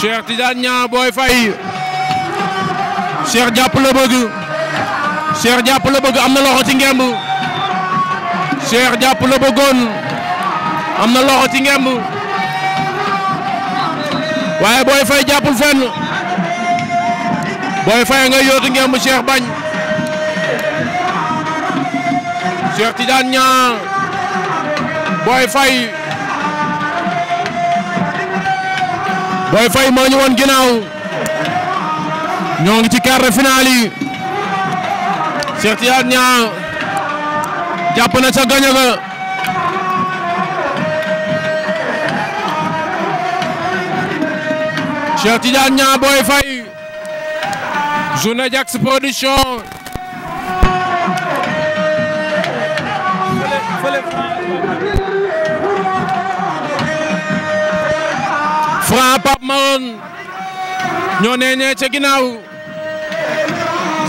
Cheikh Tidiane Niang Boy Faye Cheikh jàpp la bëgg am na loxo ci ngemb Cheikh jàpp la bëggoon am na loxo ci ngemb waaye Boy Faye jàppul fenn Boy Faye nga yóotu ngemb Cheikh bañ Cheikh Tidiane Niang Boy Boy Faye moo ñu ñoo ngi ci quart de finale yi Cheikh Tidiane Niang na ca gaño ga Cheikh Tidiane Niang Boy Faye production Franc Pape Maron ñoo nee ñee ca ginnaaw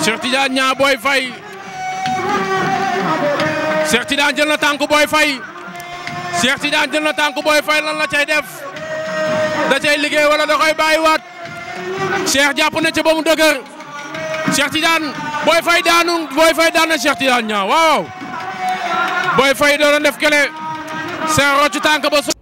Cheikh Tidiane ñaa Boy Faye Cheikh Tidiane jël na tànk Boy Faye tànk Boy Faye lan la cay def da cay liggéey wala da koy bàyyiwaat Cheikh jàpp na ca ba mu dëgër Cheikh Tidiane Boy Faye daanu Boy Faye daan na Cheikh Tidiane ñaa waaw Boy Faye def kele Cheikh roccu tànk ba